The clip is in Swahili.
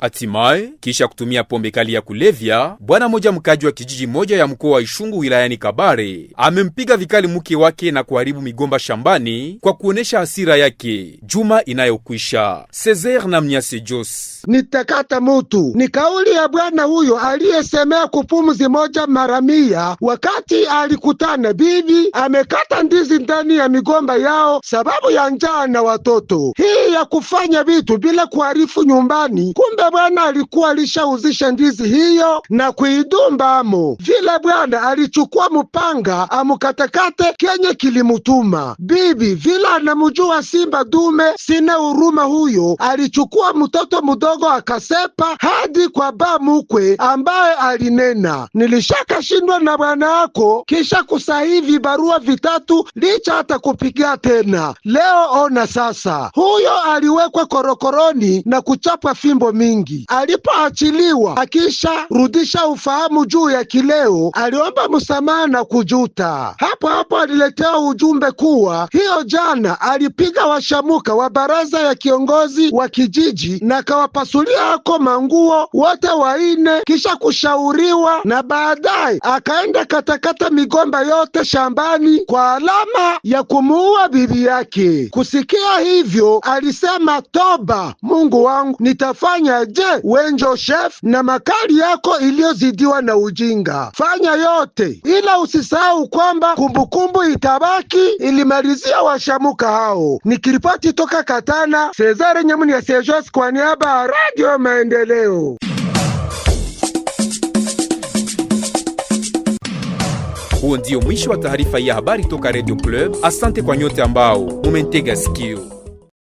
Hatimaye, kisha kutumia pombe kali ya kulevya, bwana moja mkaji wa kijiji moja ya mkoa wa Ishungu wilayani Kabare amempiga vikali mke wake na kuharibu migomba shambani kwa kuonesha hasira yake. Juma inayokwisha Cesar na Mnyase Jos, nitakata mutu ni kauli ya bwana huyo aliyesemea kupumuzi moja mara mia wakati alikutana bibi amekata ndizi ndani ya migomba yao sababu ya njaa na watoto. Hii ya kufanya vitu bila kuharifu nyumbani kumbe bwana alikuwa alishauzisha ndizi hiyo na kuidumbamo, vile bwana alichukua mupanga amukatakate kenye kilimutuma bibi, vile anamujua simba dume sina huruma huyo, alichukua mtoto mudogo akasepa hadi kwa ba mukwe, ambaye alinena nilishaka shindwa na bwana ako kisha kusahivi barua vitatu licha hata kupigia tena leo. Ona sasa, huyo aliwekwa korokoroni na kuchapwa fimbo mingi nyingi. Alipoachiliwa akisharudisha ufahamu juu ya kileo, aliomba msamaha na kujuta. Hapo hapo aliletea ujumbe kuwa hiyo jana alipiga washamuka wa baraza ya kiongozi wa kijiji na akawapasulia ako manguo wote waine, kisha kushauriwa, na baadaye akaenda katakata migomba yote shambani kwa alama ya kumuua bibi yake. Kusikia hivyo, alisema toba, Mungu wangu, nitafanya Je, wenjo chef na makali yako iliyozidiwa na ujinga, fanya yote ila usisahau kwamba kumbukumbu itabaki, ilimalizia washamuka hao. Nikiripoti toka Katana, Cesare Nyamuni ya Sejos kwa niaba ya Radio Maendeleo. Huo ndio mwisho wa taarifa ya habari toka Radio Club. Asante kwa nyote ambao mumentega sikio.